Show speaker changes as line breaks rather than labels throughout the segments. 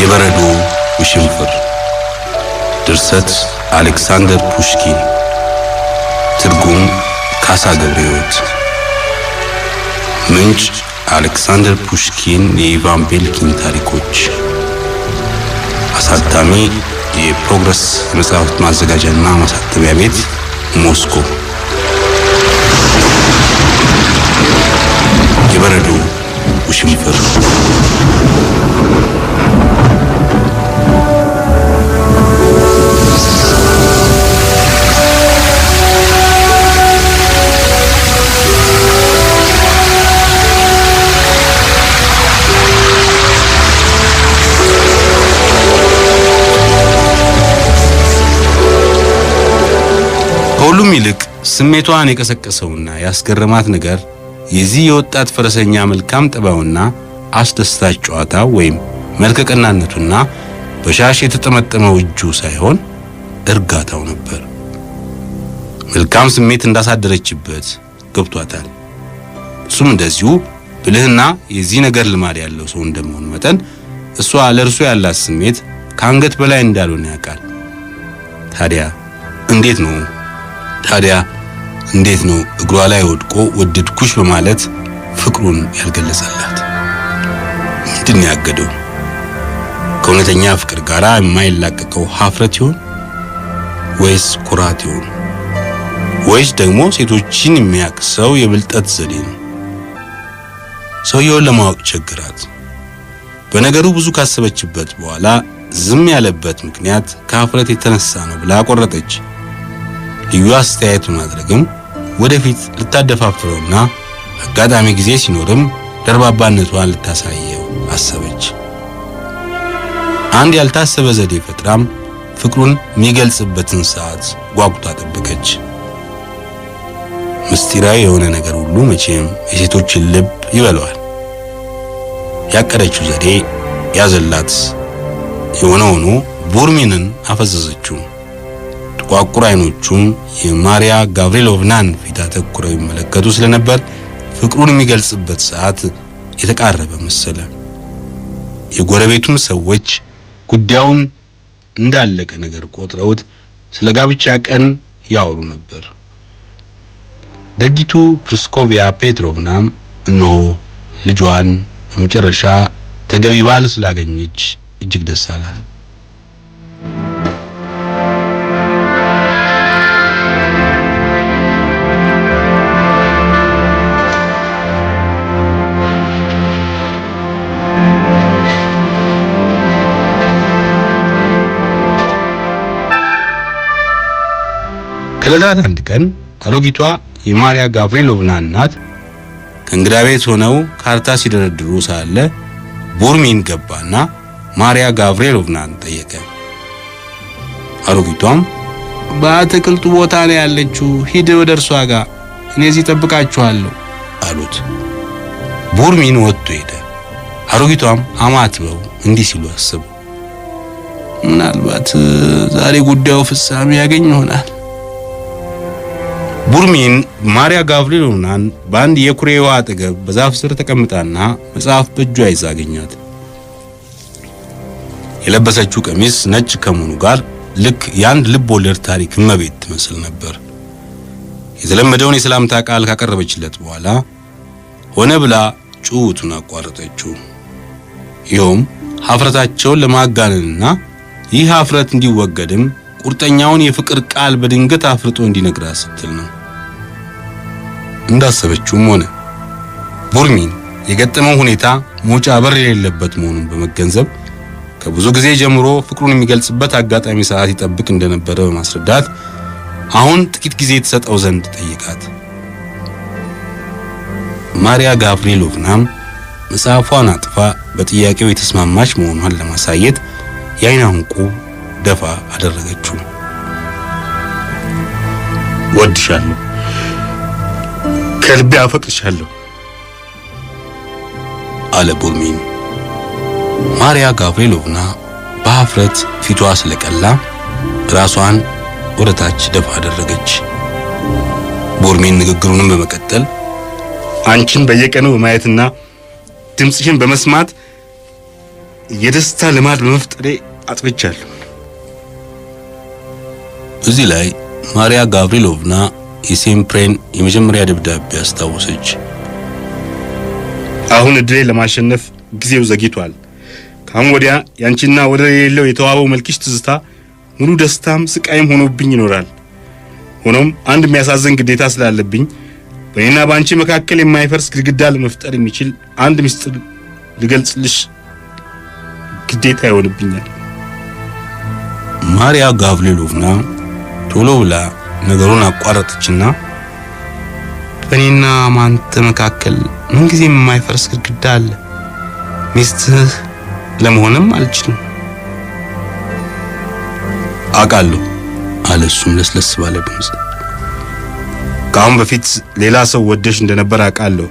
የበረዶ ውሽንፍር ድርሰት አሌክሳንደር ፑሽኪን ትርጉም ካሳ ገብረሕይወት ምንጭ አሌክሳንደር ፑሽኪን የኢቫን ቤልኪን ታሪኮች አሳታሚ የፕሮግረስ የመጽሐፍት ማዘጋጃና ማሳተሚያ ቤት ሞስኮ ከሁሉም ይልቅ ስሜቷን የቀሰቀሰውና ያስገረማት ነገር የዚህ የወጣት ፈረሰኛ መልካም ጠባዩና አስደስታች ጨዋታ ወይም መልከቀናነቱና በሻሽ የተጠመጠመው እጁ ሳይሆን እርጋታው ነበር። መልካም ስሜት እንዳሳደረችበት ገብቷታል። እሱም እንደዚሁ ብልህና የዚህ ነገር ልማድ ያለው ሰው እንደመሆኑ መጠን እሷ ለእርሱ ያላት ስሜት ከአንገት በላይ እንዳልሆነ ያውቃል። ታዲያ እንዴት ነው ታዲያ እንዴት ነው እግሯ ላይ ወድቆ ወደድኩሽ በማለት ፍቅሩን ያልገለጸላት? ምንድን ያገደው? ከእውነተኛ ፍቅር ጋር የማይላቀቀው ሀፍረት ይሆን ወይስ ኩራት ይሆን ወይስ ደግሞ ሴቶችን የሚያቅሰው የብልጠት ዘዴ ነው? ሰውየውን ለማወቅ ቸግራት። በነገሩ ብዙ ካሰበችበት በኋላ ዝም ያለበት ምክንያት ከሀፍረት የተነሳ ነው ብላ ቆረጠች። ልዩ አስተያየት ማድረግም ወደፊት ልታደፋፍረውና አጋጣሚ ጊዜ ሲኖርም ደርባባነቷን ልታሳየው አሰበች። አንድ ያልታሰበ ዘዴ ፈጥራም ፍቅሩን የሚገልጽበትን ሰዓት ጓጉታ ጠብቀች። ምስጢራዊ የሆነ ነገር ሁሉ መቼም የሴቶችን ልብ ይበለዋል። ያቀደችው ዘዴ ያዘላት። የሆነ ሆኖ ቡርሚንን አፈዘዘችው። ጥቋቁር አይኖቹም የማሪያ ጋብርኤሎቭናን ፊት አተኩረው ይመለከቱ ስለነበር ፍቅሩን የሚገልጽበት ሰዓት የተቃረበ መሰለ። የጎረቤቱን ሰዎች ጉዳዩን እንዳለቀ ነገር ቆጥረውት ስለ ጋብቻ ቀን ያወሩ ነበር። ደጊቱ ፕሪስኮቪያ ፔትሮቭናም እነሆ ልጇን በመጨረሻ ተገቢ ባል ስላገኘች እጅግ ደስ አላት። ከዕለታት አንድ ቀን አሮጊቷ የማሪያ ጋብሪሎቭና እናት ከእንግዳ ቤት ሆነው ካርታ ሲደረድሩ ሳለ ቡርሚን ገባና ማሪያ ጋብሪሎቭናን ጠየቀ። አሮጊቷም በአትክልቱ ቦታ ላይ ያለችው ሂድ ወደ እርሷ ጋር እኔ እዚህ ጠብቃችኋለሁ አሉት። ቡርሚን ወጥቶ ሄደ። አሮጊቷም አማትበው እንዲህ ሲሉ አስቡ፣ ምናልባት ዛሬ ጉዳዩ ፍጻሜ ያገኝ ይሆናል ቡርሚን ማሪያ ጋቭሪሎናን በአንድ የኩሬዋ አጠገብ በዛፍ ስር ተቀምጣና መጽሐፍ በእጇ ይዛ አገኛት። የለበሰችው ቀሚስ ነጭ ከመሆኑ ጋር ልክ የአንድ ልብ ወለድ ታሪክ እመቤት ትመስል ነበር። የተለመደውን የሰላምታ ቃል ካቀረበችለት በኋላ ሆነ ብላ ጩኸቱን አቋረጠችው። ይኸውም ሀፍረታቸውን ለማጋነንና ይህ ሀፍረት እንዲወገድም ቁርጠኛውን የፍቅር ቃል በድንገት አፍርጦ እንዲነግራት ስትል ነው። እንዳሰበችውም ሆነ። ቡርሚን የገጠመው ሁኔታ መውጫ በር የሌለበት መሆኑን በመገንዘብ ከብዙ ጊዜ ጀምሮ ፍቅሩን የሚገልጽበት አጋጣሚ ሰዓት ይጠብቅ እንደነበረ በማስረዳት አሁን ጥቂት ጊዜ የተሰጠው ዘንድ ጠይቃት። ማሪያ ጋብሪሎቭናም መጽሐፏን አጥፋ በጥያቄው የተስማማች መሆኗን ለማሳየት የአይን አንቁ ደፋ አደረገችው። ወድሻለሁ ከልቤ አፈቅርሻለሁ አለ ቡርሚን። ማሪያ ጋብርኤሎቭና በአፍረት ፊቷ ስለቀላ ራሷን ወደታች ደፋ አደረገች። ቡርሚን ንግግሩንም በመቀጠል አንቺን በየቀኑ በማየትና ድምፅሽን በመስማት የደስታ ልማድ በመፍጠሬ አጥፍቻለሁ። እዚህ ላይ ማሪያ ጋብርኤሎቭና የሴምፕሬን የመጀመሪያ ደብዳቤ አስታወሰች። አሁን እድሌን ለማሸነፍ ጊዜው ዘግይቷል። ከአሁን ወዲያ ያንቺና ወደር የሌለው የተዋበው መልክሽ ትዝታ ሙሉ ደስታም ስቃይም ሆኖብኝ ይኖራል። ሆኖም አንድ የሚያሳዝን ግዴታ ስላለብኝ በእኔና በአንቺ መካከል የማይፈርስ ግድግዳ ለመፍጠር የሚችል አንድ ምስጢር ልገልጽልሽ ግዴታ ይሆንብኛል። ማሪያ ጋቭሪሎቭና ቶሎ ብላ ነገሩን አቋረጠችና በእኔና ማንተ መካከል ጊዜ የማይፈርስ ግድግዳ አለ። ሚስትህ ለመሆንም አልችልም። አውቃለሁ አለ እሱም ለስለስ ባለ ድምፅ። ከአሁን በፊት ሌላ ሰው ወደሽ እንደነበር አውቃለሁ።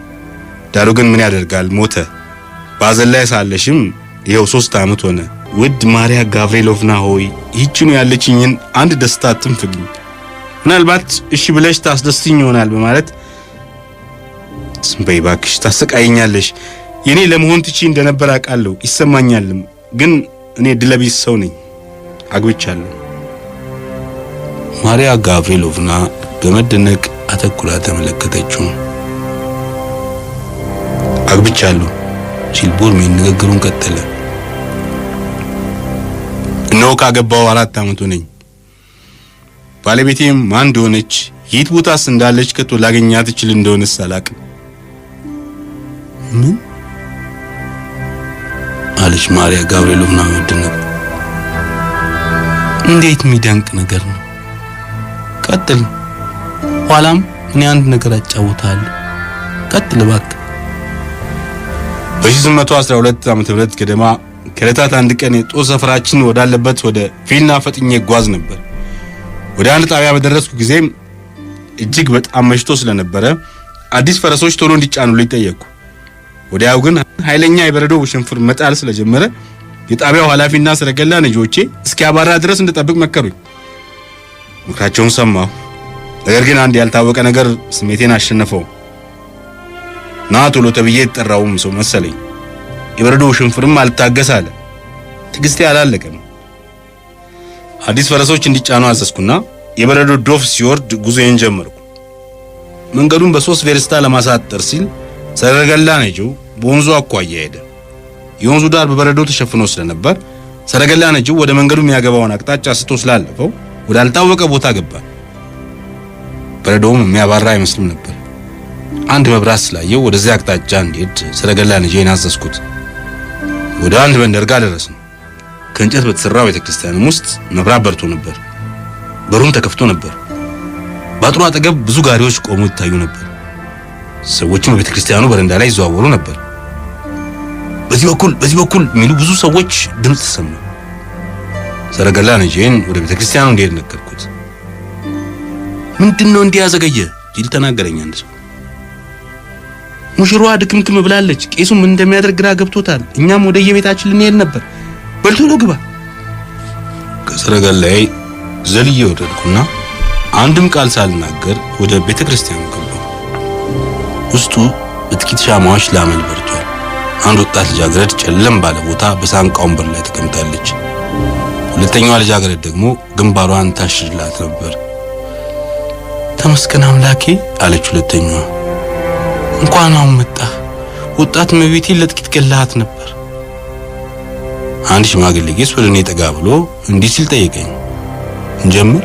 ዳሩ ግን ምን ያደርጋል ሞተ። በአዘን ላይ ሳለሽም ይኸው ሶስት ዓመት ሆነ። ውድ ማሪያ ጋብርኤሎቭና ሆይ ይህችኑ ያለችኝን አንድ ደስታ አትንፍግኝ። ምናልባት እሺ ብለሽ ታስደስትኝ ይሆናል በማለት ዝም በይ እባክሽ፣ ታሰቃየኛለሽ። የኔ ለመሆን ትቺ እንደነበር አውቃለሁ፣ ይሰማኛልም። ግን እኔ ድለቢስ ሰው ነኝ፣ አግብቻለሁ። ማሪያ ጋቭሪሎቭና በመደነቅ አተኩራ ተመለከተችው። አግብቻለሁ ሲል ቡርሚን ንግግሩን ቀጠለ። እነሆ ካገባው አራት ዓመቱ ነኝ። ባለቤቴም ማን እንደሆነች የት ቦታስ እንዳለች ከቶ ላገኛት እችል እንደሆነስ አላቅም። ምን አለች ማርያ ጋብርኤሎና መደነቅ። እንዴት የሚደንቅ ነገር ነው። ቀጥል፣ ኋላም እኔ አንድ ነገር አጫውታለሁ። ቀጥል እባክህ። በ1812 ዓመተ ምህረት ገደማ ከዕለታት አንድ ቀን የጦር ሰፈራችን ወዳለበት ወደ ቪልና ፈጥኜ ጓዝ ነበር። ወደ አንድ ጣቢያ በደረስኩ ጊዜ እጅግ በጣም መሽቶ ስለነበረ አዲስ ፈረሶች ቶሎ እንዲጫኑልኝ ጠየቅኩ። ወዲያው ግን ኃይለኛ የበረዶ ውሽንፍር መጣል ስለጀመረ የጣቢያው ኃላፊና ሰረገላ ነጂዎቼ እስኪያባራ ድረስ እንድጠብቅ መከሩኝ። ምክራቸውን ሰማሁ። ነገር ግን አንድ ያልታወቀ ነገር ስሜቴን አሸነፈው። ና ቶሎ ተብዬ የተጠራውም ሰው መሰለኝ። የበረዶ ውሽንፍርም አልታገስ አለ። ትዕግስቴ አላለቀም። አዲስ ፈረሶች እንዲጫኑ አዘዝኩና የበረዶ ዶፍ ሲወርድ ጉዞዬን ጀመርኩ። መንገዱን በሶስት ቬርስታ ለማሳጠር ሲል ሰረገላ ነጂው በወንዙ አኳያ ሄደ። የወንዙ ዳር በበረዶ ተሸፍኖ ስለነበር ሰረገላ ነጂው ወደ መንገዱ የሚያገባውን አቅጣጫ ስቶ ስላለፈው ወዳልታወቀ ቦታ ገባ። በረዶውም የሚያባራ አይመስልም ነበር። አንድ መብራት ስላየው ወደዚያ አቅጣጫ እንዲሄድ ሰረገላ ነጂን አዘዝኩት። ወደ አንድ መንደርጋ ደረስን። ከእንጨት በተሰራ ቤተክርስቲያንም ውስጥ መብራት በርቶ ነበር። በሩም ተከፍቶ ነበር። በአጥሩ አጠገብ ብዙ ጋሪዎች ቆመው ይታዩ ነበር። ሰዎችም በቤተ ክርስቲያኑ በረንዳ ላይ ይዘዋወሩ ነበር። በዚህ በኩል በዚህ በኩል የሚሉ ብዙ ሰዎች ድምፅ ተሰማ። ሰረገላ ነጄን ወደ ቤተ ክርስቲያኑ እንዲሄድ ነገርኩት። ምንድን ነው እንዲህ ያዘገየ ሲል ተናገረኝ አንድ ሰው። ሙሽሯ ድክምክም ብላለች፣ ቄሱም እንደሚያደርግ ግራ ገብቶታል። እኛም ወደ የቤታችን ልንሄድ ነበር በልቶሎ ግባ። ላይ ዘልዬ ወረድኩና አንድም ቃል ሳልናገር ወደ ቤተ ክርስቲያኑ ገባሁ። ውስጡ በጥቂት ሻማዎች ላመል በርቷል። አንድ ወጣት ልጃገረድ ጨለም ባለ ቦታ በሳንቃ ወንበር ላይ ተቀምጣለች። ሁለተኛዋ ልጃገረድ ደግሞ ግንባሯን ታሽላት ነበር። ተመስገን አምላኬ አለች ሁለተኛዋ። እንኳን አሁን መጣ ወጣት መቤቴ ለጥቂት ገላሃት ነበር አንድ ሽማግሌ ጌስ ወደ እኔ ጠጋ ብሎ እንዲህ ሲል ጠየቀኝ። እንጀምር?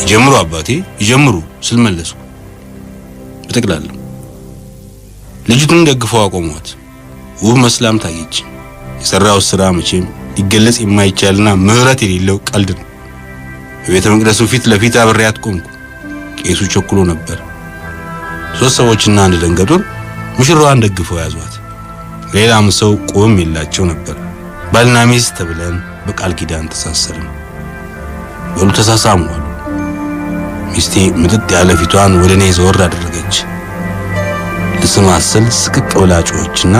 ይጀምሩ አባቴ ይጀምሩ ስል መለስኩ። በጠቅላላ ልጅቱን ደግፈው አቆሟት። ውብ መስላም ታየች። የሰራው ስራ መቼም ሊገለጽ የማይቻልና ምህረት የሌለው ቀልድ ነው። በቤተ መቅደሱ ፊት ለፊት አብሬያት ቆምኩ። ቄሱ ቸኩሎ ነበር። ሶስት ሰዎችና አንድ ደንገጡር ሙሽራዋን ደግፈው ያዟት። ሌላም ሰው ቁብም የላቸው ነበር። ባልና ሚስት ተብለን በቃል ኪዳን ተሳሰርን። በሉ ተሳሳሙ አሉ። ሚስቴ ምጥጥ ያለ ፊቷን ወደ እኔ ዘወር አደረገች። ልስም አስል ስቅቅ ብላ ጮኸችና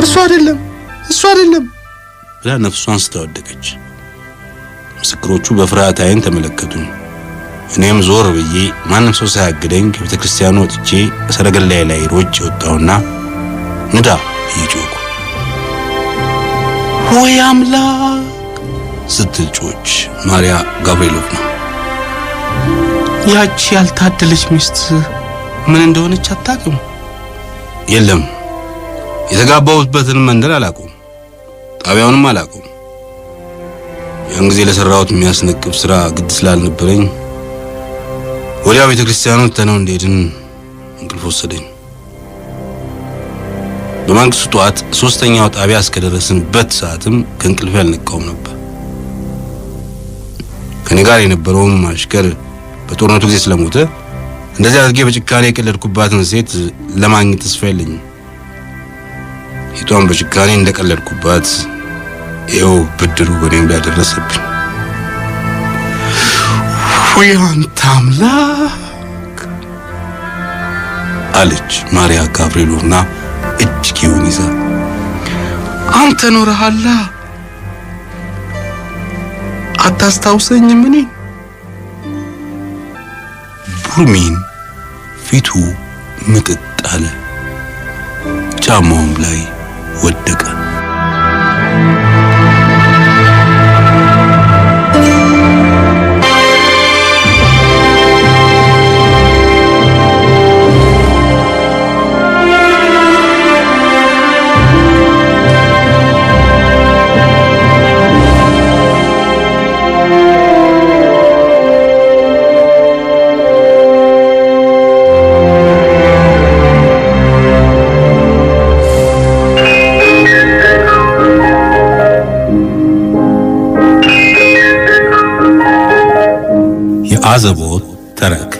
እርሱ አይደለም እሱ አይደለም ብላ ነፍሷን ስተወደቀች ምስክሮቹ በፍርሃት አይን ተመለከቱኝ። እኔም ዞር ብዬ ማንም ሰው ሳያግደኝ ከቤተ ክርስቲያኑ ወጥቼ ሰረገላዬ ላይ ሮጭ የወጣሁና ንዳ እየጮኩ ወይ አምላክ ስትል ጮች ማርያ ጋብርኤሎቭና ያቺ ያልታደለች ሚስት ምን እንደሆነች አታውቅም። የለም የተጋባሁበትን መንደር አላውቅም፣ ጣቢያውንም አላውቅም። ያን ጊዜ ለሰራሁት የሚያስነቅብ ስራ ግድ ስላልነበረኝ ወዲያው ቤተ ክርስቲያኑ ተነው እንደሄድን እንቅልፍ ወሰደኝ። በማግስቱ ጠዋት ሶስተኛው ጣቢያ እስከደረስንበት ሰዓትም ከእንቅልፍ ያልነቃውም ነበር። ከኔ ጋር የነበረውም ማሽከር በጦርነቱ ጊዜ ስለሞተ እንደዚህ አድርጌ በጭካኔ የቀለድኩባትን ሴት ለማግኘት ተስፋ የለኝም። ሴቷን በጭካኔ እንደቀለድኩባት ይኸው ብድሩ በኔም ላይ ደረሰብኝ። አንተ አምላክ አለች ማርያ ጋብርኤሎቭና ኪውን ይዛ አንተ ኖረሃላ አታስታውሰኝ ምን ቡርሚን ፊቱ ምጥጥ አለ ጫማውም ላይ ወደቀ አዘቦት ተረክ